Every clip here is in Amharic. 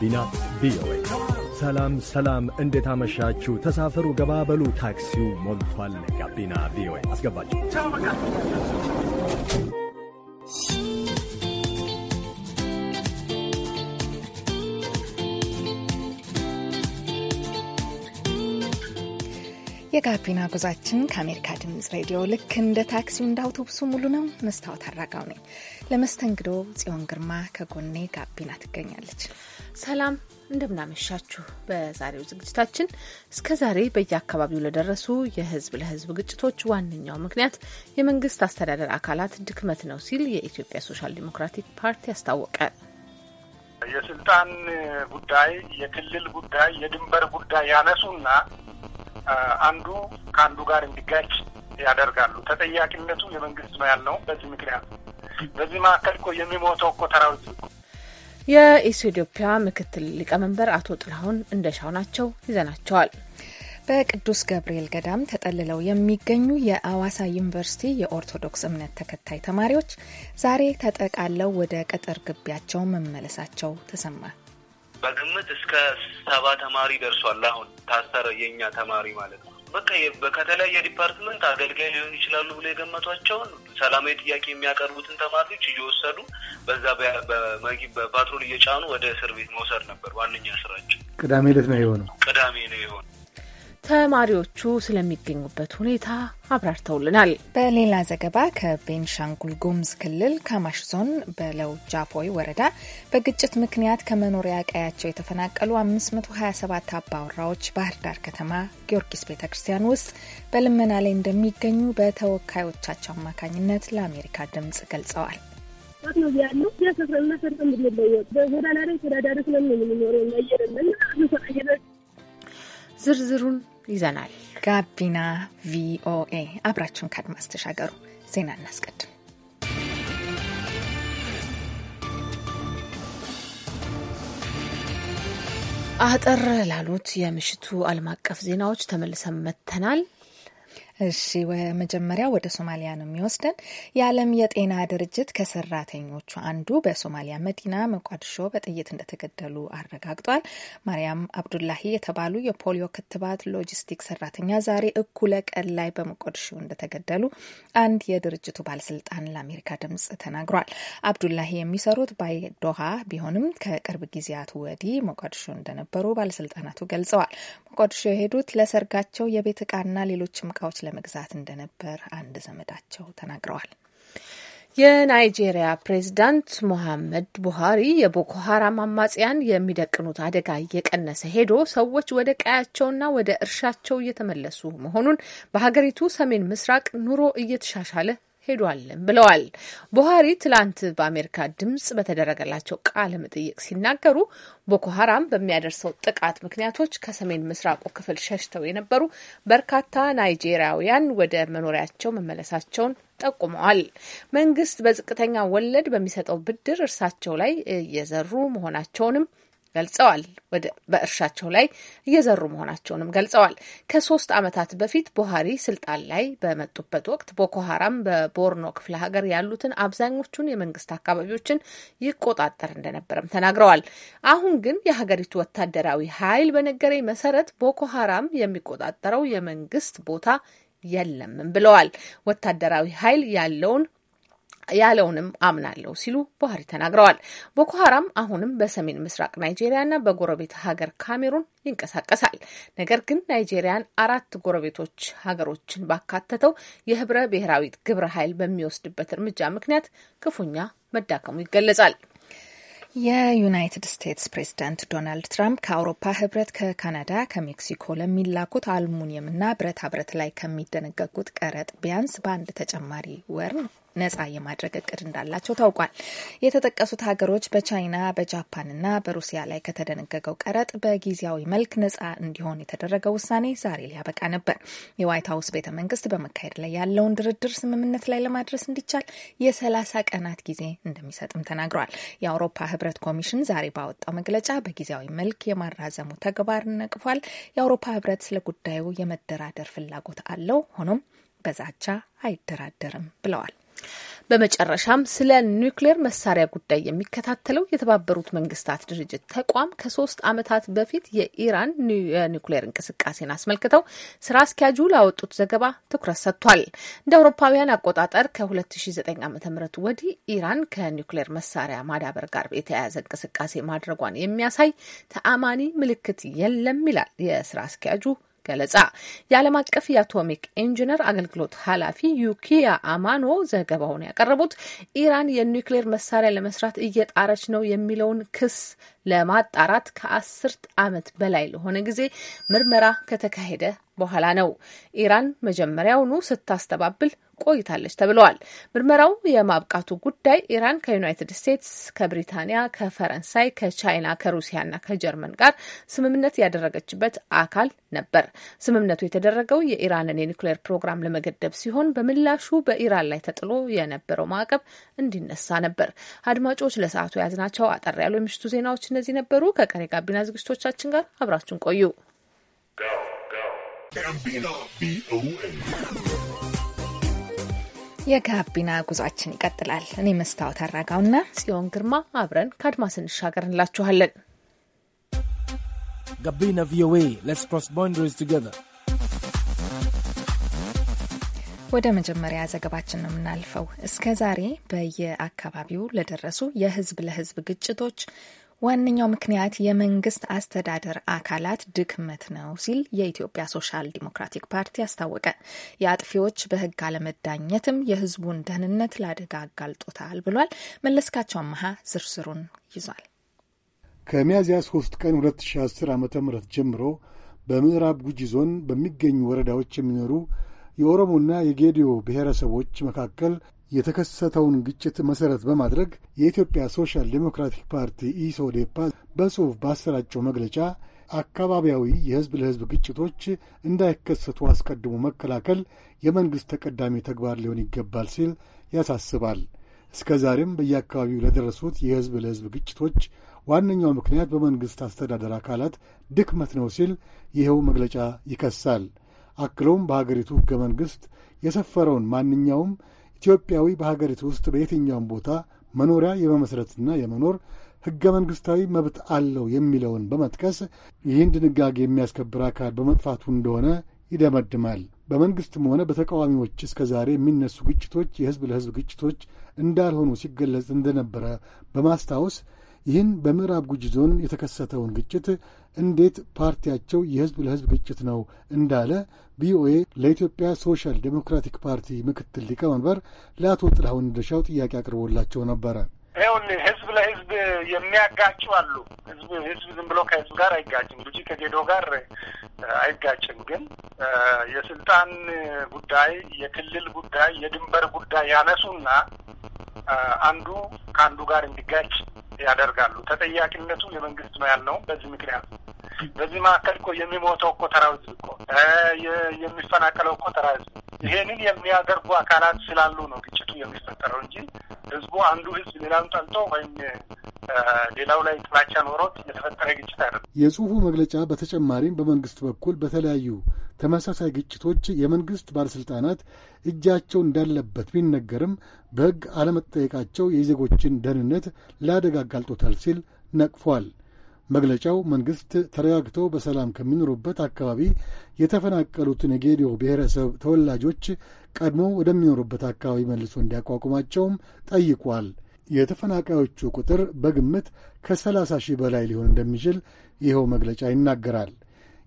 ጋቢና ቪኦኤ። ሰላም ሰላም፣ እንዴት አመሻችሁ? ተሳፈሩ፣ ገባበሉ፣ ታክሲው ሞልቷል። ጋቢና ቪኦኤ ሰላም ሰላም እንዴት አመሻችሁ ተሳፈሩ በሉ ታክሲው ሞልቷል ጋቢና ቪኦኤ አስገባችሁ የጋቢና ጉዟችን ከአሜሪካ ድምፅ ሬዲዮ ልክ እንደ ታክሲው እንደ አውቶቡሱ ሙሉ ነው። መስታወት አራጋው ነኝ። ለመስተንግዶ ጽዮን ግርማ ከጎኔ ጋቢና ትገኛለች። ሰላም እንደምናመሻችሁ። በዛሬው ዝግጅታችን እስከ ዛሬ በየአካባቢው ለደረሱ የህዝብ ለህዝብ ግጭቶች ዋነኛው ምክንያት የመንግስት አስተዳደር አካላት ድክመት ነው ሲል የኢትዮጵያ ሶሻል ዲሞክራቲክ ፓርቲ አስታወቀ። የስልጣን ጉዳይ፣ የክልል ጉዳይ፣ የድንበር ጉዳይ ያነሱና አንዱ ከአንዱ ጋር እንዲጋጭ ያደርጋሉ። ተጠያቂነቱ የመንግስት ነው ያለው በዚህ ምክንያት በዚህ መካከል እኮ የሚሞተው እኮ ተራዊት የኢትዮጵያ ምክትል ሊቀመንበር አቶ ጥላሁን እንደሻው ናቸው። ይዘናቸዋል። በቅዱስ ገብርኤል ገዳም ተጠልለው የሚገኙ የአዋሳ ዩኒቨርሲቲ የኦርቶዶክስ እምነት ተከታይ ተማሪዎች ዛሬ ተጠቃለው ወደ ቅጥር ግቢያቸው መመለሳቸው ተሰማ። በግምት እስከ ሰባ ተማሪ ደርሷል። አሁን ታሰረ የእኛ ተማሪ ማለት ነው። በቃ ከተለያየ ዲፓርትመንት አገልጋይ ሊሆኑ ይችላሉ ብሎ የገመቷቸውን ሰላማዊ ጥያቄ የሚያቀርቡትን ተማሪዎች እየወሰዱ በዛ በፓትሮል እየጫኑ ወደ እስር ቤት መውሰድ ነበር ዋነኛ ስራቸው። ቅዳሜ ዕለት ነው የሆነው። ቅዳሜ ነው የሆነው። ተማሪዎቹ ስለሚገኙበት ሁኔታ አብራርተውልናል። በሌላ ዘገባ ከቤንሻንጉል ጎምዝ ክልል ካማሽ ዞን በለው ጃፖይ ወረዳ በግጭት ምክንያት ከመኖሪያ ቀያቸው የተፈናቀሉ 527 አባወራዎች ባህር ዳር ከተማ ጊዮርጊስ ቤተ ክርስቲያን ውስጥ በልመና ላይ እንደሚገኙ በተወካዮቻቸው አማካኝነት ለአሜሪካ ድምጽ ገልጸዋል። ነው በጎዳና ላይ ተዳዳሪ ስለምን ዝርዝሩን ይዘናል። ጋቢና ቪኦኤ አብራችሁን ከአድማስ ተሻገሩ። ዜና እናስቀድም። አጠር ላሉት የምሽቱ ዓለም አቀፍ ዜናዎች ተመልሰን መጥተናል። እሺ መጀመሪያ ወደ ሶማሊያ ነው የሚወስደን። የዓለም የጤና ድርጅት ከሰራተኞቹ አንዱ በሶማሊያ መዲና መቋድሾ በጥይት እንደተገደሉ አረጋግጧል። ማርያም አብዱላሂ የተባሉ የፖሊዮ ክትባት ሎጂስቲክ ሰራተኛ ዛሬ እኩለ ቀን ላይ በመቋድሾ እንደተገደሉ አንድ የድርጅቱ ባለስልጣን ለአሜሪካ ድምጽ ተናግሯል። አብዱላሂ የሚሰሩት ባይዶሃ ቢሆንም ከቅርብ ጊዜያቱ ወዲህ መቋድሾ እንደነበሩ ባለስልጣናቱ ገልጸዋል። መቋድሾ የሄዱት ለሰርጋቸው የቤት እቃና ሌሎችም እቃዎች ለመግዛት እንደነበር አንድ ዘመዳቸው ተናግረዋል። የናይጄሪያ ፕሬዝዳንት ሞሐመድ ቡሃሪ የቦኮ ሀራም አማጽያን የሚደቅኑት አደጋ እየቀነሰ ሄዶ ሰዎች ወደ ቀያቸውና ወደ እርሻቸው እየተመለሱ መሆኑን በሀገሪቱ ሰሜን ምስራቅ ኑሮ እየተሻሻለ ሄዷልም ብለዋል። ቡሃሪ ትላንት በአሜሪካ ድምጽ በተደረገላቸው ቃለ መጠይቅ ሲናገሩ ቦኮ ሀራም በሚያደርሰው ጥቃት ምክንያቶች ከሰሜን ምስራቁ ክፍል ሸሽተው የነበሩ በርካታ ናይጄሪያውያን ወደ መኖሪያቸው መመለሳቸውን ጠቁመዋል። መንግስት በዝቅተኛ ወለድ በሚሰጠው ብድር እርሳቸው ላይ እየዘሩ መሆናቸውንም ገልጸዋል። በእርሻቸው ላይ እየዘሩ መሆናቸውንም ገልጸዋል። ከሶስት ዓመታት በፊት ቡሃሪ ስልጣን ላይ በመጡበት ወቅት ቦኮ ሀራም በቦርኖ ክፍለ ሀገር ያሉትን አብዛኞቹን የመንግስት አካባቢዎችን ይቆጣጠር እንደነበረም ተናግረዋል። አሁን ግን የሀገሪቱ ወታደራዊ ኃይል በነገረኝ መሰረት ቦኮ ሀራም የሚቆጣጠረው የመንግስት ቦታ የለምም ብለዋል። ወታደራዊ ኃይል ያለውን ያለውንም አምናለሁ ሲሉ ባህሪ ተናግረዋል። ቦኮ ሀራም አሁንም በሰሜን ምስራቅ ናይጄሪያና በጎረቤት ሀገር ካሜሩን ይንቀሳቀሳል። ነገር ግን ናይጄሪያን አራት ጎረቤቶች ሀገሮችን ባካተተው የህብረ ብሔራዊ ግብረ ኃይል በሚወስድበት እርምጃ ምክንያት ክፉኛ መዳከሙ ይገለጻል። የዩናይትድ ስቴትስ ፕሬዚዳንት ዶናልድ ትራምፕ ከአውሮፓ ህብረት፣ ከካናዳ፣ ከሜክሲኮ ለሚላኩት አልሙኒየምና ብረታ ብረት ላይ ከሚደነገጉት ቀረጥ ቢያንስ በአንድ ተጨማሪ ወር ነጻ የማድረግ እቅድ እንዳላቸው ታውቋል። የተጠቀሱት ሀገሮች በቻይና በጃፓንና በሩሲያ ላይ ከተደነገገው ቀረጥ በጊዜያዊ መልክ ነጻ እንዲሆን የተደረገው ውሳኔ ዛሬ ሊያበቃ ነበር። የዋይት ሀውስ ቤተ መንግስት በመካሄድ ላይ ያለውን ድርድር ስምምነት ላይ ለማድረስ እንዲቻል የሰላሳ ቀናት ጊዜ እንደሚሰጥም ተናግሯል። የአውሮፓ ህብረት ኮሚሽን ዛሬ ባወጣው መግለጫ በጊዜያዊ መልክ የማራዘሙ ተግባር ነቅፏል። የአውሮፓ ህብረት ስለ ጉዳዩ የመደራደር ፍላጎት አለው፣ ሆኖም በዛቻ አይደራደርም ብለዋል። በመጨረሻም ስለ ኒውክሌር መሳሪያ ጉዳይ የሚከታተለው የተባበሩት መንግስታት ድርጅት ተቋም ከሶስት ዓመታት በፊት የኢራን የኒውክሌር እንቅስቃሴን አስመልክተው ስራ አስኪያጁ ላወጡት ዘገባ ትኩረት ሰጥቷል። እንደ አውሮፓውያን አቆጣጠር ከ2009 ዓ ም ወዲህ ኢራን ከኒውክሌር መሳሪያ ማዳበር ጋር የተያያዘ እንቅስቃሴ ማድረጓን የሚያሳይ ተአማኒ ምልክት የለም ይላል የስራ አስኪያጁ ገለጻ። የዓለም አቀፍ የአቶሚክ ኢንጂነር አገልግሎት ኃላፊ ዩኪያ አማኖ ዘገባውን ያቀረቡት ኢራን የኒውክሌር መሳሪያ ለመስራት እየጣረች ነው የሚለውን ክስ ለማጣራት ከአስርት ዓመት በላይ ለሆነ ጊዜ ምርመራ ከተካሄደ በኋላ ነው። ኢራን መጀመሪያውኑ ስታስተባብል ቆይታለች ተብለዋል። ምርመራው የማብቃቱ ጉዳይ ኢራን ከዩናይትድ ስቴትስ፣ ከብሪታንያ፣ ከፈረንሳይ፣ ከቻይና፣ ከሩሲያና ከጀርመን ጋር ስምምነት ያደረገችበት አካል ነበር። ስምምነቱ የተደረገው የኢራንን የኒውክሌር ፕሮግራም ለመገደብ ሲሆን በምላሹ በኢራን ላይ ተጥሎ የነበረው ማዕቀብ እንዲነሳ ነበር። አድማጮች ለሰዓቱ የያዝናቸው አጠር ያሉ የምሽቱ ዜናዎች እነዚህ ነበሩ። ከቀሪ ጋቢና ዝግጅቶቻችን ጋር አብራችሁን ቆዩ። የጋቢና ጉዟችን ይቀጥላል። እኔ መስታወት አራጋውና ጽዮን ግርማ አብረን ከአድማስ እንሻገር እንላችኋለን። ጋቢና ቪኦኤ ሌትስ ክሮስ ቦንደሪስ ቱጌዘር። ወደ መጀመሪያ ዘገባችን ነው የምናልፈው። እስከ ዛሬ በየአካባቢው ለደረሱ የህዝብ ለህዝብ ግጭቶች ዋነኛው ምክንያት የመንግስት አስተዳደር አካላት ድክመት ነው ሲል የኢትዮጵያ ሶሻል ዲሞክራቲክ ፓርቲ አስታወቀ። የአጥፊዎች በህግ አለመዳኘትም የህዝቡን ደህንነት ለአደጋ አጋልጦታል ብሏል። መለስካቸው አመሃ ዝርዝሩን ይዟል። ከሚያዝያ 3 ቀን 2010 ዓ ም ጀምሮ በምዕራብ ጉጂ ዞን በሚገኙ ወረዳዎች የሚኖሩ የኦሮሞና የጌዲዮ ብሔረሰቦች መካከል የተከሰተውን ግጭት መሠረት በማድረግ የኢትዮጵያ ሶሻል ዴሞክራቲክ ፓርቲ ኢሶዴፓ በጽሑፍ ባሰራጨው መግለጫ አካባቢያዊ የሕዝብ ለሕዝብ ግጭቶች እንዳይከሰቱ አስቀድሞ መከላከል የመንግሥት ተቀዳሚ ተግባር ሊሆን ይገባል ሲል ያሳስባል። እስከ ዛሬም በየአካባቢው ለደረሱት የሕዝብ ለሕዝብ ግጭቶች ዋነኛው ምክንያት በመንግሥት አስተዳደር አካላት ድክመት ነው ሲል ይኸው መግለጫ ይከሳል። አክለውም በሀገሪቱ ሕገ መንግሥት የሰፈረውን ማንኛውም ኢትዮጵያዊ በሀገሪቱ ውስጥ በየትኛውም ቦታ መኖሪያ የመመስረትና የመኖር ሕገ መንግሥታዊ መብት አለው የሚለውን በመጥቀስ ይህን ድንጋጌ የሚያስከብር አካል በመጥፋቱ እንደሆነ ይደመድማል። በመንግሥትም ሆነ በተቃዋሚዎች እስከ ዛሬ የሚነሱ ግጭቶች የሕዝብ ለሕዝብ ግጭቶች እንዳልሆኑ ሲገለጽ እንደነበረ በማስታወስ ይህን በምዕራብ ጉጂ ዞን የተከሰተውን ግጭት እንዴት ፓርቲያቸው የህዝብ ለህዝብ ግጭት ነው እንዳለ ቪኦኤ ለኢትዮጵያ ሶሻል ዴሞክራቲክ ፓርቲ ምክትል ሊቀመንበር ለአቶ ጥላሁን ደሻው ጥያቄ አቅርቦላቸው ነበረ። ይኸውልህ ህዝብ ለህዝብ የሚያጋጩ አሉ። ህዝብ ህዝብ ዝም ብሎ ከህዝብ ጋር አይጋጭም። ጉጂ ከጌዶ ጋር አይጋጭም። ግን የስልጣን ጉዳይ፣ የክልል ጉዳይ፣ የድንበር ጉዳይ ያነሱና አንዱ ከአንዱ ጋር እንዲጋጭ ያደርጋሉ። ተጠያቂነቱ የመንግስት ነው ያልነውም በዚህ ምክንያት በዚህ መካከል እኮ የሚሞተው እኮ ተራ ህዝብ እኮ የሚፈናቀለው እኮ ተራ ህዝብ። ይሄንን የሚያደርጉ አካላት ስላሉ ነው ግጭቱ የሚፈጠረው እንጂ ህዝቡ አንዱ ህዝብ ሌላውን ጠልቶ ወይም ሌላው ላይ ጥላቻ ኖሮት የተፈጠረ ግጭት አይደለም። የጽሁፉ መግለጫ በተጨማሪም በመንግስት በኩል በተለያዩ ተመሳሳይ ግጭቶች የመንግስት ባለስልጣናት እጃቸው እንዳለበት ቢነገርም በሕግ አለመጠየቃቸው የዜጎችን ደህንነት ለአደጋ አጋልጦታል ሲል ነቅፏል። መግለጫው መንግሥት ተረጋግቶ በሰላም ከሚኖሩበት አካባቢ የተፈናቀሉትን የጌዲዮ ብሔረሰብ ተወላጆች ቀድሞ ወደሚኖሩበት አካባቢ መልሶ እንዲያቋቁማቸውም ጠይቋል። የተፈናቃዮቹ ቁጥር በግምት ከሰላሳ ሺህ በላይ ሊሆን እንደሚችል ይኸው መግለጫ ይናገራል።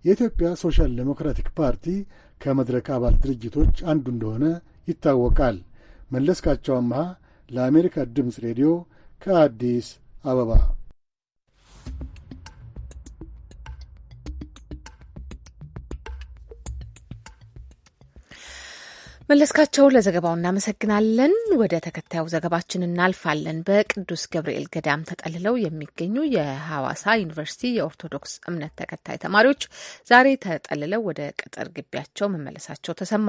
የኢትዮጵያ ሶሻል ዴሞክራቲክ ፓርቲ ከመድረክ አባል ድርጅቶች አንዱ እንደሆነ ይታወቃል። መለስካቸው አምሃ ለአሜሪካ ድምፅ ሬዲዮ ከአዲስ አበባ መለስካቸው ለዘገባው እናመሰግናለን። ወደ ተከታዩ ዘገባችን እናልፋለን። በቅዱስ ገብርኤል ገዳም ተጠልለው የሚገኙ የሐዋሳ ዩኒቨርሲቲ የኦርቶዶክስ እምነት ተከታይ ተማሪዎች ዛሬ ተጠልለው ወደ ቅጥር ግቢያቸው መመለሳቸው ተሰማ።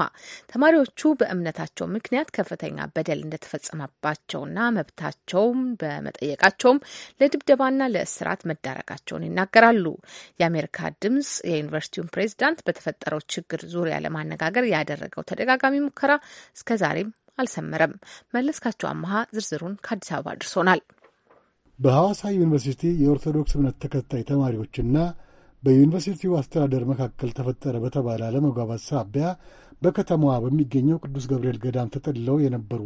ተማሪዎቹ በእምነታቸው ምክንያት ከፍተኛ በደል እንደተፈጸመባቸውና መብታቸውም በመጠየቃቸውም ለድብደባና ለእስራት መዳረጋቸውን ይናገራሉ። የአሜሪካ ድምጽ የዩኒቨርሲቲውን ፕሬዚዳንት በተፈጠረው ችግር ዙሪያ ለማነጋገር ያደረገው ተደጋጋሚ ሙከራ እስከዛሬም አልሰመረም። መለስካቸው አመሃ ዝርዝሩን ከአዲስ አበባ አድርሶናል። በሐዋሳ ዩኒቨርሲቲ የኦርቶዶክስ እምነት ተከታይ ተማሪዎችና በዩኒቨርሲቲው አስተዳደር መካከል ተፈጠረ በተባለ አለመግባባት ሳቢያ በከተማዋ በሚገኘው ቅዱስ ገብርኤል ገዳም ተጠልለው የነበሩ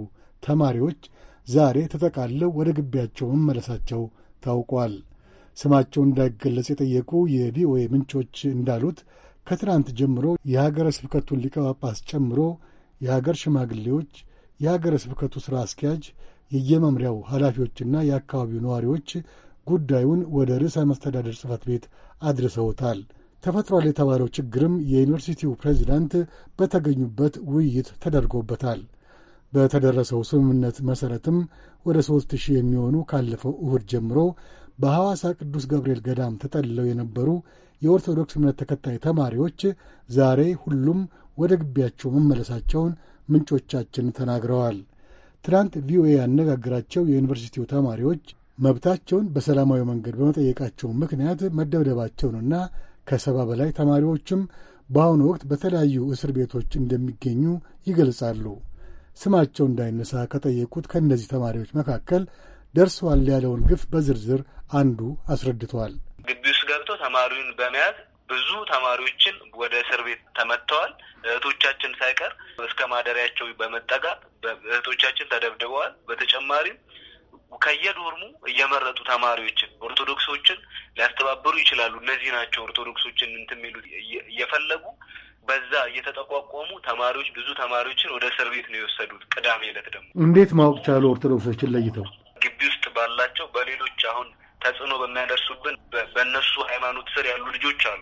ተማሪዎች ዛሬ ተጠቃልለው ወደ ግቢያቸው መመለሳቸው ታውቋል። ስማቸው እንዳይገለጽ የጠየቁ የቪኦኤ ምንጮች እንዳሉት ከትናንት ጀምሮ የሀገረ ስብከቱን ሊቀ ጳጳስ ጨምሮ የሀገር ሽማግሌዎች፣ የሀገረ ስብከቱ ሥራ አስኪያጅ፣ የየመምሪያው ኃላፊዎችና የአካባቢው ነዋሪዎች ጉዳዩን ወደ ርዕሰ መስተዳደር ጽፈት ቤት አድርሰውታል። ተፈጥሯል የተባለው ችግርም የዩኒቨርሲቲው ፕሬዚዳንት በተገኙበት ውይይት ተደርጎበታል። በተደረሰው ስምምነት መሠረትም ወደ ሦስት ሺህ የሚሆኑ ካለፈው እሁድ ጀምሮ በሐዋሳ ቅዱስ ገብርኤል ገዳም ተጠልለው የነበሩ የኦርቶዶክስ እምነት ተከታይ ተማሪዎች ዛሬ ሁሉም ወደ ግቢያቸው መመለሳቸውን ምንጮቻችን ተናግረዋል። ትናንት ቪኦኤ ያነጋግራቸው የዩኒቨርሲቲው ተማሪዎች መብታቸውን በሰላማዊ መንገድ በመጠየቃቸው ምክንያት መደብደባቸውንና ከሰባ በላይ ተማሪዎችም በአሁኑ ወቅት በተለያዩ እስር ቤቶች እንደሚገኙ ይገልጻሉ። ስማቸው እንዳይነሳ ከጠየቁት ከእነዚህ ተማሪዎች መካከል ደርሰዋል ያለውን ግፍ በዝርዝር አንዱ አስረድተዋል። ግቢ ውስጥ ገብቶ ተማሪውን በመያዝ ብዙ ተማሪዎችን ወደ እስር ቤት ተመጥተዋል። እህቶቻችን ሳይቀር እስከ ማደሪያቸው በመጠጋት እህቶቻችን ተደብድበዋል። በተጨማሪም ከየዶርሙ እየመረጡ ተማሪዎችን ኦርቶዶክሶችን ሊያስተባብሩ ይችላሉ። እነዚህ ናቸው ኦርቶዶክሶችን እንትን የሚሉት እየፈለጉ በዛ እየተጠቋቋሙ ተማሪዎች ብዙ ተማሪዎችን ወደ እስር ቤት ነው የወሰዱት። ቅዳሜ ዕለት ደግሞ እንዴት ማወቅ ቻሉ? ኦርቶዶክሶችን ለይተው ግቢ ውስጥ ባላቸው በሌሎች አሁን ተጽዕኖ በሚያደርሱብን በእነሱ ሃይማኖት ስር ያሉ ልጆች አሉ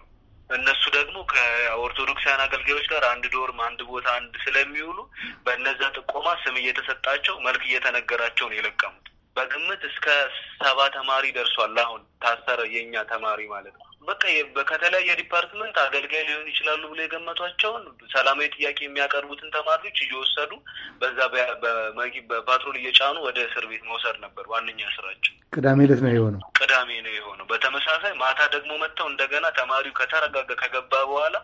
እነሱ ደግሞ ከኦርቶዶክሳን አገልጋዮች ጋር አንድ ዶርም አንድ ቦታ አንድ ስለሚውሉ በእነዛ ጥቆማ ስም እየተሰጣቸው መልክ እየተነገራቸው ነው የለቀሙት። በግምት እስከ ሰባ ተማሪ ደርሷል። አሁን ታሰረ የእኛ ተማሪ ማለት ነው። በቃ ከተለያየ ዲፓርትመንት አገልጋይ ሊሆን ይችላሉ ብሎ የገመቷቸውን ሰላማዊ ጥያቄ የሚያቀርቡትን ተማሪዎች እየወሰዱ በዛ በፓትሮል እየጫኑ ወደ እስር ቤት መውሰድ ነበር ዋነኛ ስራቸው። ቅዳሜ ዕለት ነው የሆነው። ቅዳሜ ነው የሆነው። በተመሳሳይ ማታ ደግሞ መጥተው እንደገና ተማሪው ከተረጋጋ ከገባ በኋላ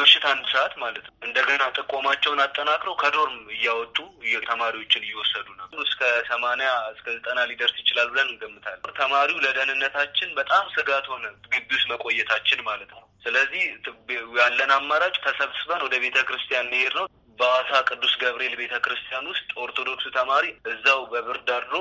ምሽት አንድ ሰዓት ማለት ነው እንደገና ጥቆማቸውን አጠናክረው ከዶርም እያወጡ ተማሪዎችን እየወሰዱ ነበር። እስከ ሰማንያ እስከ ዘጠና ሊደርስ ይችላል ብለን እንገምታለን። ተማሪው ለደህንነታችን በጣም ስጋት ሆነ ግቢ ውስጥ መቆ መቆየታችን ማለት ነው። ስለዚህ ያለን አማራጭ ተሰብስበን ወደ ቤተ ክርስቲያን መሄድ ነው። በአዋሳ ቅዱስ ገብርኤል ቤተ ክርስቲያን ውስጥ ኦርቶዶክስ ተማሪ እዛው በብርድ አድሮ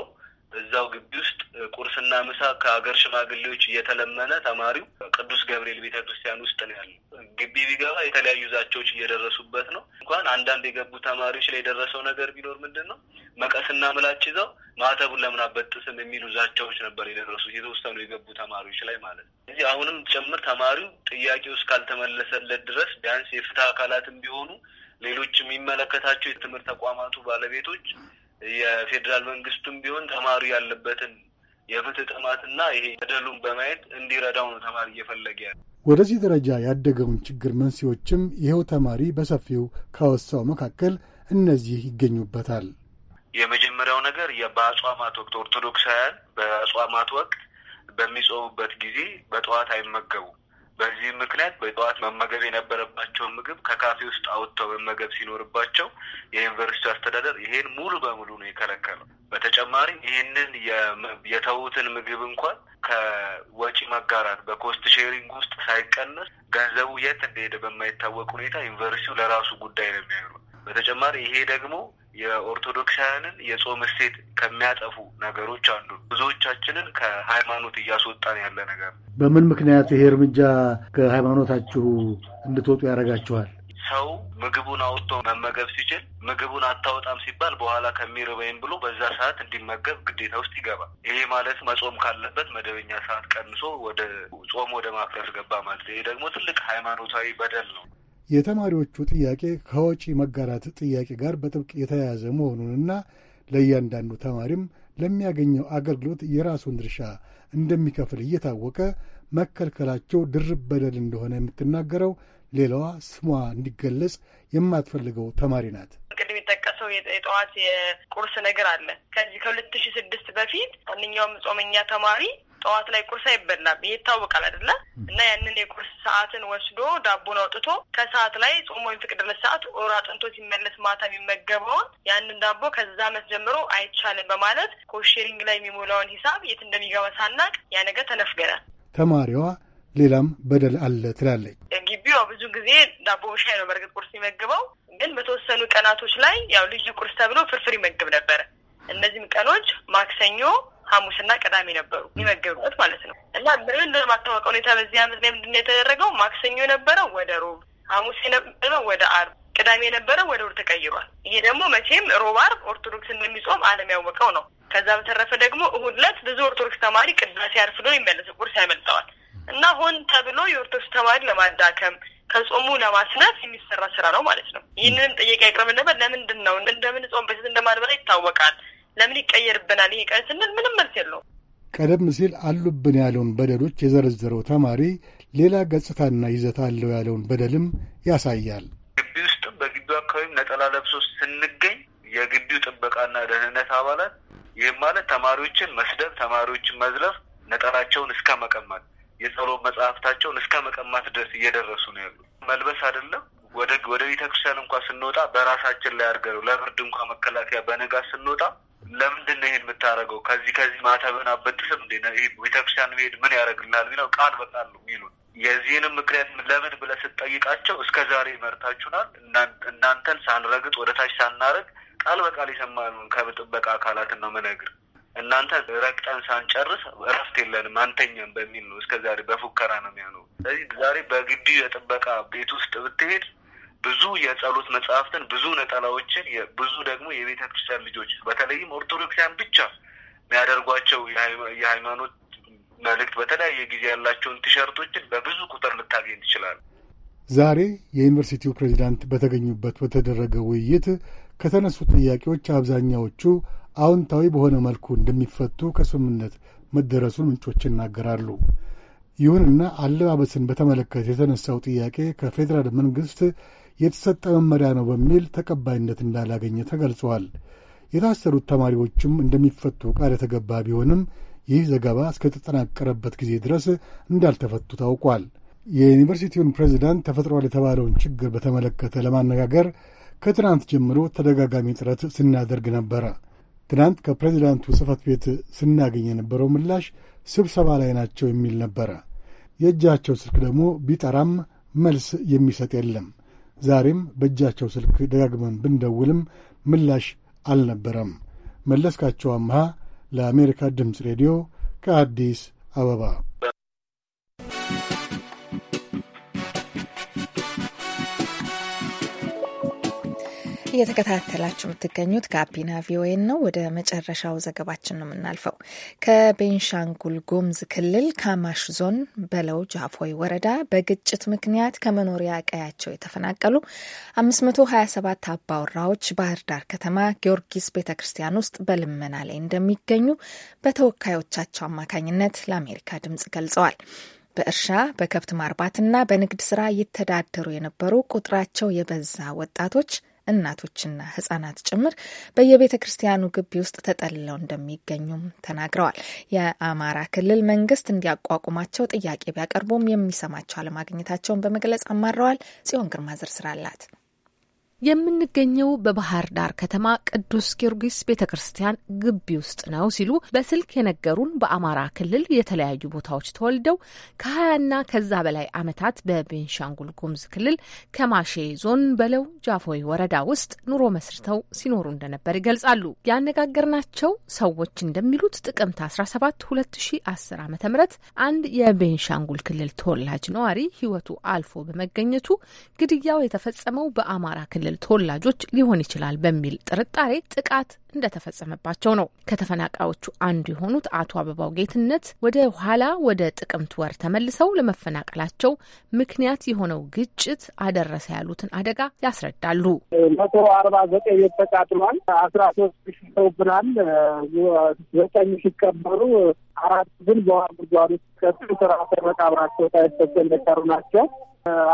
እዛው ግቢ ውስጥ ቁርስና ምሳ ከሀገር ሽማግሌዎች እየተለመነ ተማሪው ቅዱስ ገብርኤል ቤተ ክርስቲያን ውስጥ ነው ያለው። ግቢ ቢገባ የተለያዩ ዛቻዎች እየደረሱበት ነው። እንኳን አንዳንድ የገቡ ተማሪዎች ላይ የደረሰው ነገር ቢኖር ምንድን ነው መቀስና ምላጭ ይዘው ማዕተቡን ለምን አበጥስም የሚሉ ዛቻዎች ነበር የደረሱት የተወሰኑ የገቡ ተማሪዎች ላይ ማለት ነው። እዚህ አሁንም ጭምር ተማሪው ጥያቄ ውስጥ ካልተመለሰለት ድረስ ቢያንስ የፍትህ አካላትም ቢሆኑ ሌሎች የሚመለከታቸው የትምህርት ተቋማቱ ባለቤቶች የፌዴራል መንግስቱም ቢሆን ተማሪ ያለበትን የፍትህ ጥማትና ይሄ በደሉን በማየት እንዲረዳው ነው ተማሪ እየፈለገ ያለ። ወደዚህ ደረጃ ያደገውን ችግር መንስኤዎችም ይኸው ተማሪ በሰፊው ካወሳው መካከል እነዚህ ይገኙበታል። የመጀመሪያው ነገር በአጽዋማት ወቅት ኦርቶዶክሳውያን በአጽዋማት ወቅት በሚጾሙበት ጊዜ በጠዋት አይመገቡም። በዚህ ምክንያት በጠዋት መመገብ የነበረባቸውን ምግብ ከካፌ ውስጥ አውጥተው መመገብ ሲኖርባቸው የዩኒቨርሲቲ አስተዳደር ይሄን ሙሉ በሙሉ ነው የከለከለው። በተጨማሪም ይህንን የተዉትን ምግብ እንኳን ከወጪ መጋራት በኮስት ሼሪንግ ውስጥ ሳይቀነስ ገንዘቡ የት እንደሄደ በማይታወቅ ሁኔታ ዩኒቨርሲቲው ለራሱ ጉዳይ ነው የሚያሉ። በተጨማሪ ይሄ ደግሞ የኦርቶዶክሳውያንን የጾም እሴት ከሚያጠፉ ነገሮች አንዱ ብዙዎቻችንን ከሃይማኖት እያስወጣን ያለ ነገር ነው። በምን ምክንያት ይሄ እርምጃ ከሃይማኖታችሁ እንድትወጡ ያደርጋችኋል? ሰው ምግቡን አውጥቶ መመገብ ሲችል ምግቡን አታወጣም ሲባል በኋላ ከሚርበይም ብሎ በዛ ሰዓት እንዲመገብ ግዴታ ውስጥ ይገባል። ይሄ ማለት መጾም ካለበት መደበኛ ሰዓት ቀንሶ ወደ ጾም ወደ ማፍረስ ገባ ማለት። ይሄ ደግሞ ትልቅ ሃይማኖታዊ በደል ነው። የተማሪዎቹ ጥያቄ ከወጪ መጋራት ጥያቄ ጋር በጥብቅ የተያያዘ መሆኑንና ለእያንዳንዱ ተማሪም ለሚያገኘው አገልግሎት የራሱን ድርሻ እንደሚከፍል እየታወቀ መከልከላቸው ድርብ በደል እንደሆነ የምትናገረው ሌላዋ ስሟ እንዲገለጽ የማትፈልገው ተማሪ ናት። ቅድም የጠቀሰው የጠዋት የቁርስ ነገር አለ። ከዚህ ከሁለት ሺ ስድስት በፊት ማንኛውም ጾመኛ ተማሪ ጠዋት ላይ ቁርስ አይበላም። ይህ ይታወቃል አይደለ? እና ያንን የቁርስ ሰዓትን ወስዶ ዳቦን አውጥቶ ከሰዓት ላይ ጾሞ የሚፈቅድለት ሰዓት ወራ አጥንቶ ሲመለስ ማታ የሚመገበውን ያንን ዳቦ ከዛ ዓመት ጀምሮ አይቻልም በማለት ኮሽሪንግ ላይ የሚሞላውን ሂሳብ የት እንደሚገባ ሳናቅ ያ ነገር ተነፍገናል። ተማሪዋ ሌላም በደል አለ ትላለች። ግቢው ብዙ ጊዜ ዳቦ በሻይ ነው በእርግጥ ቁርስ የሚመግበው፣ ግን በተወሰኑ ቀናቶች ላይ ያው ልዩ ቁርስ ተብሎ ፍርፍር ይመግብ ነበር እነዚህም ቀኖች ማክሰኞ ሐሙስና ቅዳሜ ነበሩ የሚመገቡበት ማለት ነው። እና ምንም ማታወቀ ሁኔታ በዚህ አመት ላይ ምንድን ነው የተደረገው? ማክሰኞ የነበረው ወደ ሮብ፣ ሐሙስ የነበረው ወደ አርብ፣ ቅዳሜ የነበረው ወደ እሑድ ተቀይሯል። ይሄ ደግሞ መቼም ሮብ አርብ ኦርቶዶክስ እንደሚጾም ዓለም ያወቀው ነው። ከዛ በተረፈ ደግሞ እሑድ ዕለት ብዙ ኦርቶዶክስ ተማሪ ቅዳሴ አርፍዶ ይመለስ ቁርስ ያመልጠዋል እና ሆን ተብሎ የኦርቶዶክስ ተማሪ ለማዳከም ከጾሙ ለማስናት የሚሰራ ስራ ነው ማለት ነው። ይህንንም ጥያቄ ያቅርብን ነበር። ለምንድን ነው እንደምን ጾም በሴት እንደማንበላ ይታወቃል። ለምን ይቀየርብናል ይሄ ቀን ስንል ምንም መልስ የለው። ቀደም ሲል አሉብን ያለውን በደሎች የዘረዘረው ተማሪ ሌላ ገጽታና ይዘት አለው ያለውን በደልም ያሳያል። ግቢ ውስጥም በግቢው አካባቢም ነጠላ ለብሶ ስንገኝ የግቢው ጥበቃና ደህንነት አባላት ይህም ማለት ተማሪዎችን መስደብ፣ ተማሪዎችን መዝለፍ፣ ነጠላቸውን እስከ መቀማት፣ የጸሎት መጽሐፍታቸውን እስከ መቀማት ድረስ እየደረሱ ነው ያሉ መልበስ አይደለም ወደ ቤተክርስቲያን እንኳ ስንወጣ በራሳችን ላይ አድርገ ነው ለብርድ እንኳ መከላከያ በንጋት ስንወጣ ለምንድን ነው ይሄን የምታደርገው? ከዚህ ከዚህ ማተብን አበድስም እንዴ ቤተክርስቲያን መሄድ ምን ያደርግልሃል? ቢለው ቃል በቃል ነው የሚሉን። የዚህንም ምክንያት ለምን ብለህ ስትጠይቃቸው እስከ ዛሬ መርታችሁናል፣ እናንተን ሳንረግጥ ወደ ታች ሳናረግ ቃል በቃል የሰማነውን ከጥበቃ አካላትን ነው መነግር እናንተ ረግጠን ሳንጨርስ እረፍት የለንም አንተኛም በሚል ነው እስከ ዛሬ በፉከራ ነው የሚያኖሩ። ስለዚህ ዛሬ በግቢው የጥበቃ ቤት ውስጥ ብትሄድ ብዙ የጸሎት መጽሐፍትን፣ ብዙ ነጠላዎችን፣ ብዙ ደግሞ የቤተ ክርስቲያን ልጆች በተለይም ኦርቶዶክሲያን ብቻ የሚያደርጓቸው የሃይማኖት መልእክት በተለያየ ጊዜ ያላቸውን ቲሸርቶችን በብዙ ቁጥር ልታገኝ ትችላል። ዛሬ የዩኒቨርሲቲው ፕሬዚዳንት በተገኙበት በተደረገ ውይይት ከተነሱ ጥያቄዎች አብዛኛዎቹ አዎንታዊ በሆነ መልኩ እንደሚፈቱ ከስምምነት መደረሱን ምንጮች ይናገራሉ። ይሁንና አለባበስን በተመለከተ የተነሳው ጥያቄ ከፌዴራል መንግሥት የተሰጠ መመሪያ ነው በሚል ተቀባይነት እንዳላገኘ ተገልጿል። የታሰሩት ተማሪዎችም እንደሚፈቱ ቃል የተገባ ቢሆንም ይህ ዘገባ እስከተጠናቀረበት ጊዜ ድረስ እንዳልተፈቱ ታውቋል። የዩኒቨርሲቲውን ፕሬዚዳንት ተፈጥሯል የተባለውን ችግር በተመለከተ ለማነጋገር ከትናንት ጀምሮ ተደጋጋሚ ጥረት ስናደርግ ነበረ። ትናንት ከፕሬዚዳንቱ ጽህፈት ቤት ስናገኝ የነበረው ምላሽ ስብሰባ ላይ ናቸው የሚል ነበረ። የእጃቸው ስልክ ደግሞ ቢጠራም መልስ የሚሰጥ የለም። ዛሬም በእጃቸው ስልክ ደጋግመን ብንደውልም ምላሽ አልነበረም። መለስካቸው አምሃ ለአሜሪካ ድምፅ ሬዲዮ ከአዲስ አበባ እየተከታተላችሁ የምትገኙት ጋቢና ቪኦኤን ነው። ወደ መጨረሻው ዘገባችን ነው የምናልፈው። ከቤንሻንጉል ጉምዝ ክልል ካማሽ ዞን በለው ጃፎይ ወረዳ በግጭት ምክንያት ከመኖሪያ ቀያቸው የተፈናቀሉ 527 አባወራዎች ባህር ዳር ከተማ ጊዮርጊስ ቤተ ክርስቲያን ውስጥ በልመና ላይ እንደሚገኙ በተወካዮቻቸው አማካኝነት ለአሜሪካ ድምጽ ገልጸዋል። በእርሻ በከብት ማርባትና በንግድ ስራ ይተዳደሩ የነበሩ ቁጥራቸው የበዛ ወጣቶች እናቶችና ህጻናት ጭምር በየቤተ ክርስቲያኑ ግቢ ውስጥ ተጠልለው እንደሚገኙም ተናግረዋል። የአማራ ክልል መንግስት እንዲያቋቁማቸው ጥያቄ ቢያቀርቡም የሚሰማቸው አለማግኘታቸውን በመግለጽ አማረዋል። ጽዮን ግርማ ዝርዝር አላት። የምንገኘው በባህር ዳር ከተማ ቅዱስ ጊዮርጊስ ቤተ ክርስቲያን ግቢ ውስጥ ነው ሲሉ በስልክ የነገሩን በአማራ ክልል የተለያዩ ቦታዎች ተወልደው ከሀያና ከዛ በላይ ዓመታት በቤንሻንጉል ጉምዝ ክልል ከማሼ ዞን በለው ጃፎይ ወረዳ ውስጥ ኑሮ መስርተው ሲኖሩ እንደነበር ይገልጻሉ። ያነጋገርናቸው ሰዎች እንደሚሉት ጥቅምት 17 2010 ዓ ም አንድ የቤንሻንጉል ክልል ተወላጅ ነዋሪ ህይወቱ አልፎ በመገኘቱ ግድያው የተፈጸመው በአማራ ክልል ክልል ተወላጆች ሊሆን ይችላል በሚል ጥርጣሬ ጥቃት እንደተፈጸመባቸው ነው። ከተፈናቃዮቹ አንዱ የሆኑት አቶ አበባው ጌትነት ወደ ኋላ ወደ ጥቅምት ወር ተመልሰው ለመፈናቀላቸው ምክንያት የሆነው ግጭት አደረሰ ያሉትን አደጋ ያስረዳሉ። መቶ አርባ ዘጠኝ ቤት ተቃጥሏል። አስራ ሶስት ሺህ ሰው ብናል ዘጠኝ ሲቀበሩ አራት ግን በውሃ ጉድጓድ ውስጥ ከስራ መቃብራቸው ሳይፈቱ እንደቀሩ ናቸው።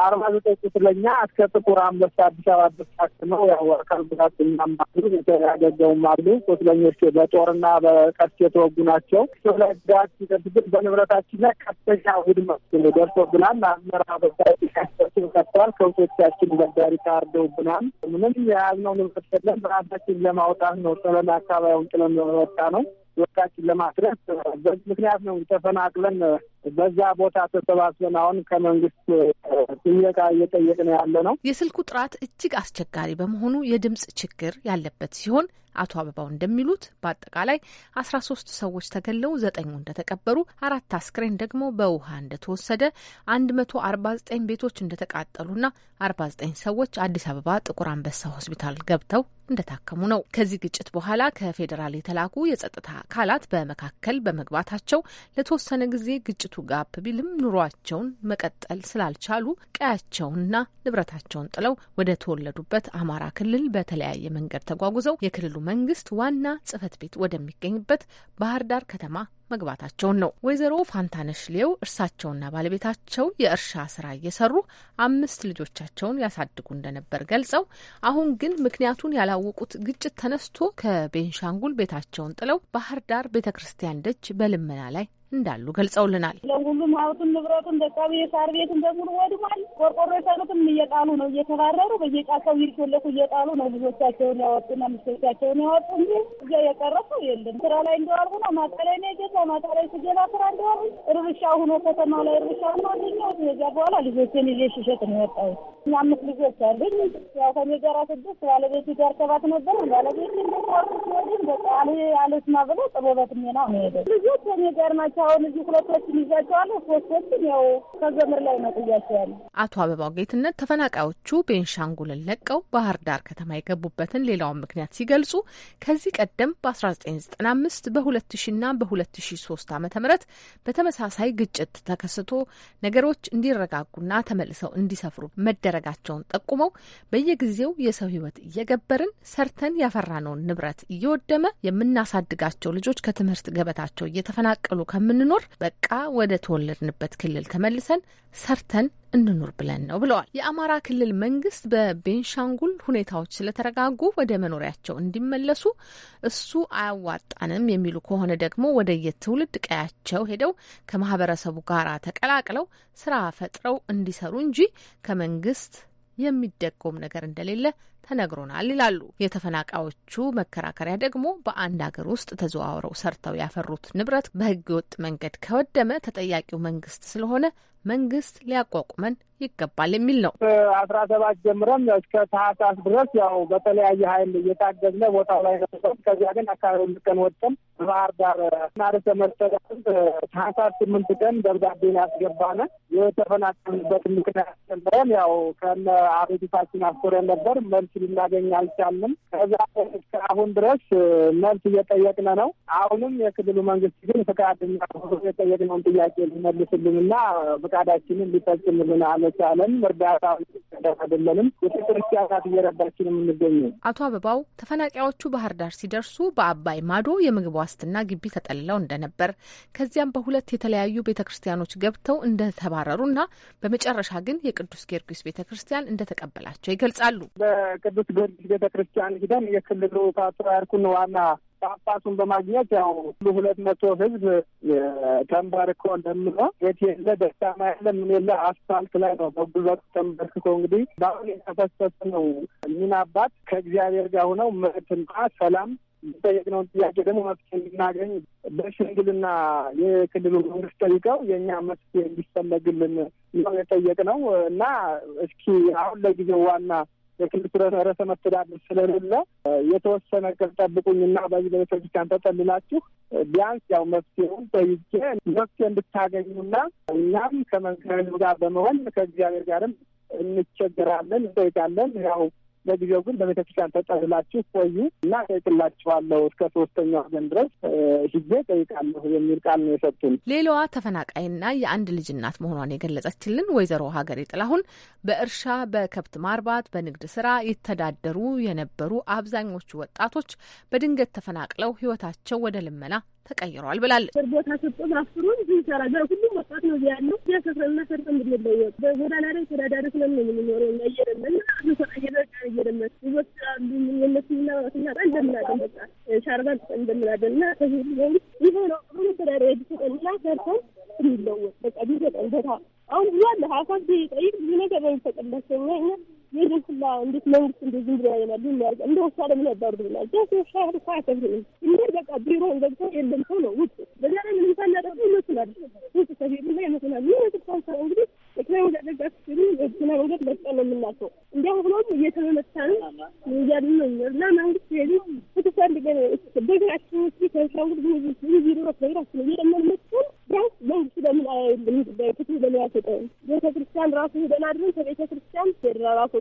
አርባ ዘጠኝ ቁስለኛ እስከ ጥቁር አንበሳ አዲስ አበባ ድረስ ነው። ያው አካል ጉዳት እናማሉ የተያገገውም አሉ። ቁስለኞች በጦርና በቀስት የተወጉ ናቸው። ላይ ጉዳት ሲደርስ ግን በንብረታችን ላይ ከፍተኛ ውድመት ደርሶብናል። አዝመራ በሳቸው ቀጥሏል። ከውቶቻችን በዳሪ ታርደውብናል። ምንም የያዝነው ንብረት የለም። ራሳችን ለማውጣት ነው ጥለን አካባቢውን ጥለን ለመወጣ ነው ወጣችን ለማስረት በዚህ ምክንያት ነው ተፈናቅለን በዛ ቦታ ተሰባስበን አሁን ከመንግስት ጥየቃ ነው ያለ ነው። የስልኩ ጥራት እጅግ አስቸጋሪ በመሆኑ የድምጽ ችግር ያለበት ሲሆን አቶ አበባው እንደሚሉት በአጠቃላይ አስራ ሶስት ሰዎች ተገለው ዘጠኙ እንደተቀበሩ አራት አስክሬን ደግሞ በውሃ እንደተወሰደ አንድ መቶ አርባ ዘጠኝ ቤቶች እንደተቃጠሉና አርባ ዘጠኝ ሰዎች አዲስ አበባ ጥቁር አንበሳ ሆስፒታል ገብተው እንደታከሙ ነው። ከዚህ ግጭት በኋላ ከፌዴራል የተላኩ የጸጥታ አካላት በመካከል በመግባታቸው ለተወሰነ ጊዜ ግጭቱ ህይወቱ ጋፕ ቢልም ኑሯቸውን መቀጠል ስላልቻሉ ቀያቸውንና ንብረታቸውን ጥለው ወደ ተወለዱበት አማራ ክልል በተለያየ መንገድ ተጓጉዘው የክልሉ መንግስት ዋና ጽህፈት ቤት ወደሚገኝበት ባህር ዳር ከተማ መግባታቸውን ነው። ወይዘሮ ፋንታነሽ ሌው እርሳቸውና ባለቤታቸው የእርሻ ስራ እየሰሩ አምስት ልጆቻቸውን ያሳድጉ እንደነበር ገልጸው አሁን ግን ምክንያቱን ያላወቁት ግጭት ተነስቶ ከቤንሻንጉል ቤታቸውን ጥለው ባህር ዳር ቤተ ክርስቲያን ደጅ በልመና ላይ እንዳሉ ገልጸውልናል። ለሁሉም ሀብቱን ንብረቱን በቃ የሳር ቤትን በሙሉ ወድሟል። ቆርቆሮ የሰሩትም እየጣሉ ነው፣ እየተባረሩ በየጫካው ይርሾለኩ እየጣሉ ነው። ልጆቻቸውን ያወጡና ምስቶቻቸውን ያወጡ እንጂ እዚያ የቀረሱ የለም። ስራ ላይ እንደዋልኩ ነው። ማታ ላይ ነው የገዛ ማታ ላይ ስገባ ስራ እንደዋልኩ እርብሻ ሁኖ ከተማው ላይ እርብሻ ሁኖ አገኘሁት። ዚያ በኋላ ልጆችን ይዤ ሽሸት ነው የወጣሁት። አምስት ልጆች አሉኝ። ያው ከኔ ጋራ ስድስት ባለቤት ጋር ሰባት ነበር። ባለቤት እንደዋልኩ ሲወድም በቃ አለስማ ብሎ ጥበበት ሜና ነው ሄደ። ልጆች ከኔ ጋር ናቸው አሁን እዚህ ሁለቶችን ይዛቸዋለሁ። ሶስቶችን ያው ከዘመድ ላይ ነው አቶ አበባው ጌትነት ተፈናቃዮቹ ቤንሻንጉልን ለቀው ባህር ዳር ከተማ የገቡበትን ሌላውን ምክንያት ሲገልጹ ከዚህ ቀደም በ1995 በ2000ና በ2003 ዓ ም በተመሳሳይ ግጭት ተከስቶ ነገሮች እንዲረጋጉና ተመልሰው እንዲሰፍሩ መደረጋቸውን ጠቁመው በየጊዜው የሰው ህይወት እየገበርን ሰርተን ያፈራነውን ንብረት እየወደመ የምናሳድጋቸው ልጆች ከትምህርት ገበታቸው እየተፈናቀሉ ከምንኖር በቃ ወደ ተወለድንበት ክልል ተመልሰን ሰርተን እንኑር ብለን ነው ብለዋል። የአማራ ክልል መንግስት በቤንሻንጉል ሁኔታዎች ስለተረጋጉ ወደ መኖሪያቸው እንዲመለሱ፣ እሱ አያዋጣንም የሚሉ ከሆነ ደግሞ ወደ የትውልድ ቀያቸው ሄደው ከማህበረሰቡ ጋር ተቀላቅለው ስራ ፈጥረው እንዲሰሩ እንጂ ከመንግስት የሚደጎም ነገር እንደሌለ ተነግሮናል ይላሉ። የተፈናቃዮቹ መከራከሪያ ደግሞ በአንድ ሀገር ውስጥ ተዘዋውረው ሰርተው ያፈሩት ንብረት በህገ ወጥ መንገድ ከወደመ ተጠያቂው መንግስት ስለሆነ መንግስት ሊያቋቁመን ይገባል የሚል ነው። አስራ ሰባት ጀምረም እስከ ታህሳስ ድረስ ያው በተለያየ ኃይል እየታገዝነ ቦታው ላይ ነበር። ከዚያ ግን አካባቢ ልቀን ወጥተን በባህር ዳር ናርሰ መስተዳድር ታህሳስ ስምንት ቀን ደብዳቤን ያስገባነ የተፈናቀልንበት ምክንያት ጀምረን ያው ከነ አቤቱታችን አስኮረን ነበር። መልስ ልናገኝ አልቻልንም። ከዛ እስከ አሁን ድረስ መልስ እየጠየቅነ ነው። አሁንም የክልሉ መንግስት ግን ፈቃደኛ የጠየቅነውን ጥያቄ ሊመልስልን እና ፈቃዳችንን ሊፈጽምልን አልቻለም። እርዳታ ደረሰልንም ቤተክርስቲያናት እየረዳችን የምንገኙ አቶ አበባው ተፈናቃዮቹ ባህር ዳር ሲደርሱ በአባይ ማዶ የምግብ ዋስትና ግቢ ተጠልለው እንደነበር ከዚያም በሁለት የተለያዩ ቤተ ክርስቲያኖች ገብተው እንደተባረሩ እንደተባረሩና በመጨረሻ ግን የቅዱስ ጊዮርጊስ ቤተ ክርስቲያን እንደተቀበላቸው ይገልጻሉ። በቅዱስ ጊዮርጊስ ቤተ ክርስቲያን ሂደን የክልሉ ፓትርያርኩን ዋና ጳጳሱን በማግኘት ያው ሁሉ ሁለት መቶ ህዝብ ተንበርኮ እንደምለ ቤት የለ ደስታማ ያለ ምን የለ አስፋልት ላይ ነው በጉልበት ተንበርክኮ እንግዲህ በአሁን የተፈሰሰ ነው። እኝን አባት ከእግዚአብሔር ጋር ሆነው ምሕረትና ሰላም የሚጠየቅነውን ጥያቄ ደግሞ መፍትሄ እንድናገኝ በሽምግልና የክልሉ መንግስት ጠይቀው የእኛ መፍትሄ እንዲፈለግልን ነው የጠየቅነው እና እስኪ አሁን ለጊዜው ዋና የክልል ርዕሰ መስተዳድር ስለሌለ የተወሰነ ቀን ጠብቁኝና በዚህ በቤተክርስቲያን ተጠልላችሁ ቢያንስ ያው መፍትሄውን ጠይቄ መፍትሄ እንድታገኙና እኛም ከመንከሉ ጋር በመሆን ከእግዚአብሔር ጋርም እንቸገራለን፣ እንጠይቃለን ያው ለጊዜው ግን በቤተክርስቲያን ተጠልላችሁ ቆዩ እና ጠይቅላችኋለሁ እስከ ሶስተኛው ወገን ድረስ ሂጄ ጠይቃለሁ የሚል ቃል ነው የሰጡን። ሌላዋ ተፈናቃይና የአንድ ልጅ እናት መሆኗን የገለጸችልን ወይዘሮ ሀገሬ ጥላሁን በእርሻ በከብት ማርባት፣ በንግድ ስራ ይተዳደሩ የነበሩ አብዛኞቹ ወጣቶች በድንገት ተፈናቅለው ህይወታቸው ወደ ልመና ተቀይሯል ብላለች። ቦታ ሰጦ ማፍሩ ይሰራ ሁሉም ወጣት ነው ያለው ያሰፍረና ሰርጥ እንድንለወ በጎዳና ላይ ተዳዳሪ ስለምን የምንኖረ እያየደመን በቃ ሻርባ እና ከዚህ ይሆነ ተዳዳሪ ሰጠንና ሰርተን የሚለወጥ በቃ ቢሰጠን በጣም አሁን ብዙ አለ ሀሳብ ጠይቅ ብዙ ነገር ነው የሚፈጠላቸው እኛ ይህን ሁላ እንዴት መንግስት እንደ ዝም ብሎ ያይናሉ የሚያርቀ እንደ ወሳ ለምን ያባርዱናል ጃስ ሻህር ሳያከብርም እንደ በቃ ቢሮ ገብቶ የለም ሰው ነው ውጭ በዛ ላይ ምንሳናጠ ይመስላል ውጭ ከቤት ላይ ይመስላል ይህ እንግዲህ ጥቅላይ ወደ አደጋችን በሆነ መንገድ ለቀ ነው የምናውቀው። እንዲያው ሆኖም እየተመመታን እያሉ እና መንግስት ሄዱ ፍትሳ እንዲገ ውስጥ ከሻንጉድ ብዙ ቢሮ ከእግራችን እየለመን መጥተን ቢያንስ መንግስት ለምን አያይልም ጉዳይ ፍትህ ለምን አይሰጠውም? ቤተ ክርስቲያን ራሱ ሄደን ከቤተ ክርስቲያን ፌደራል ራሱ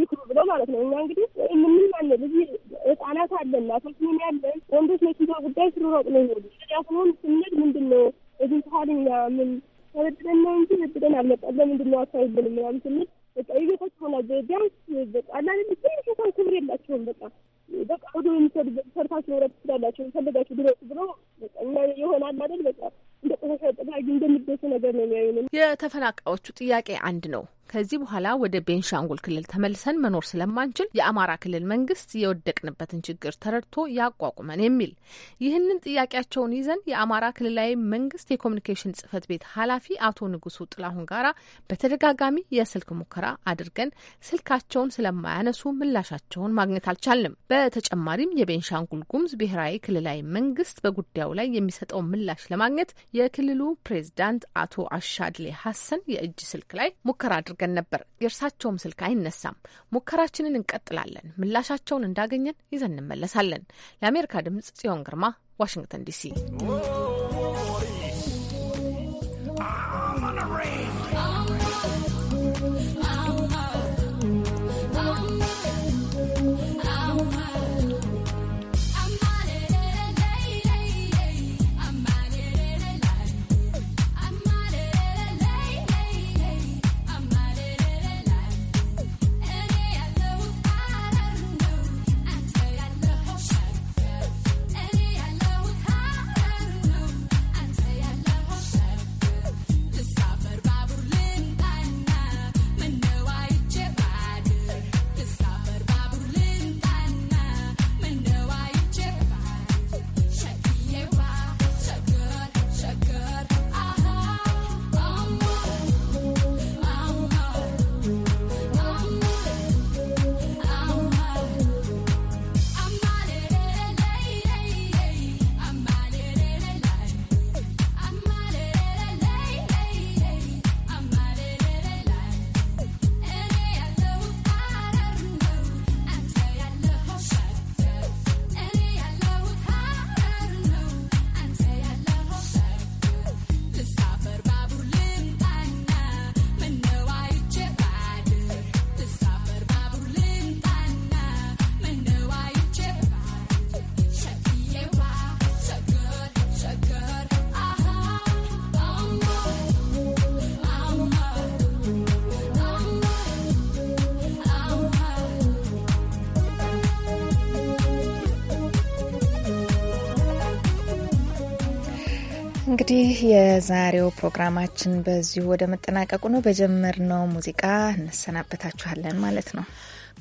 ይክሩ ብለው ማለት ነው። እኛ እንግዲህ ምንም አለ እዚህ ህጻናት አለን ምን ያለን ወንዶች ነኪዛ ጉዳይ ስሩሮጥ ነው ይሆ ያሁን ስንል ምንድን ነው እዚህ ታልኛ ምን ተበድረን ነው እንጂ በድረን አልመጣም። ለምንድን ነው አሳይብን ምናምን ስንል በቃ ሆና ቢያንስ በቃ አንዳንድ ትንሽ ሰው ክብር የላቸውም። በቃ በቃ ወደ የሚሰዱበት ሰርታችሁ መውረድ ትችላላችሁ፣ ፈለጋችሁ ድረሱ ብሎ በቃ ይሆናል አይደል በቃ እንደ ቆሻሻ ጥጋግ እንደሚደሱ ነገር ነው የሚያዩንም። የተፈናቃዮቹ ጥያቄ አንድ ነው። ከዚህ በኋላ ወደ ቤንሻንጉል ክልል ተመልሰን መኖር ስለማንችል የአማራ ክልል መንግስት የወደቅንበትን ችግር ተረድቶ ያቋቁመን የሚል ይህንን ጥያቄያቸውን ይዘን የአማራ ክልላዊ መንግስት የኮሚኒኬሽን ጽህፈት ቤት ኃላፊ አቶ ንጉሱ ጥላሁን ጋራ በተደጋጋሚ የስልክ ሙከራ አድርገን ስልካቸውን ስለማያነሱ ምላሻቸውን ማግኘት አልቻልንም። በተጨማሪም የቤንሻንጉል ጉሙዝ ብሔራዊ ክልላዊ መንግስት በጉዳዩ ላይ የሚሰጠውን ምላሽ ለማግኘት የክልሉ ፕሬዚዳንት አቶ አሻድሌ ሀሰን የእጅ ስልክ ላይ ሙከራ አድርገ አድርገን ነበር። የእርሳቸውም ስልክ አይነሳም። ሙከራችንን እንቀጥላለን። ምላሻቸውን እንዳገኘን ይዘን እንመለሳለን። ለአሜሪካ ድምጽ ጽዮን ግርማ ዋሽንግተን ዲሲ እንግዲህ የዛሬው ፕሮግራማችን በዚሁ ወደ መጠናቀቁ ነው። በጀመርነው ሙዚቃ እንሰናበታችኋለን ማለት ነው።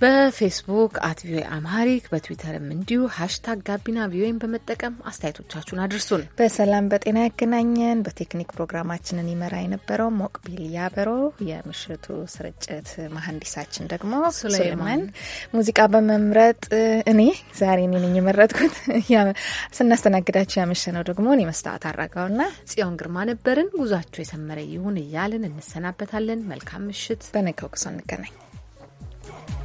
በፌስቡክ አት ቪኦኤ አምሃሪክ በትዊተርም እንዲሁ ሀሽታግ ጋቢና ቪኦኤን በመጠቀም አስተያየቶቻችሁን አድርሱን። በሰላም በጤና ያገናኘን። በቴክኒክ ፕሮግራማችንን ይመራ የነበረው ሞቅቢል ያበሮ፣ የምሽቱ ስርጭት መሀንዲሳችን ደግሞ ሱሌማን፣ ሙዚቃ በመምረጥ እኔ ዛሬ እኔ ነኝ የመረጥኩት። ስናስተናግዳችሁ ያመሸነው ደግሞ እኔ መስታወት አራጋውና ጽዮን ግርማ ነበርን። ጉዟችሁ የሰመረ ይሁን እያልን እንሰናበታለን። መልካም ምሽት። በነገው ክሶ እንገናኝ። Thank you.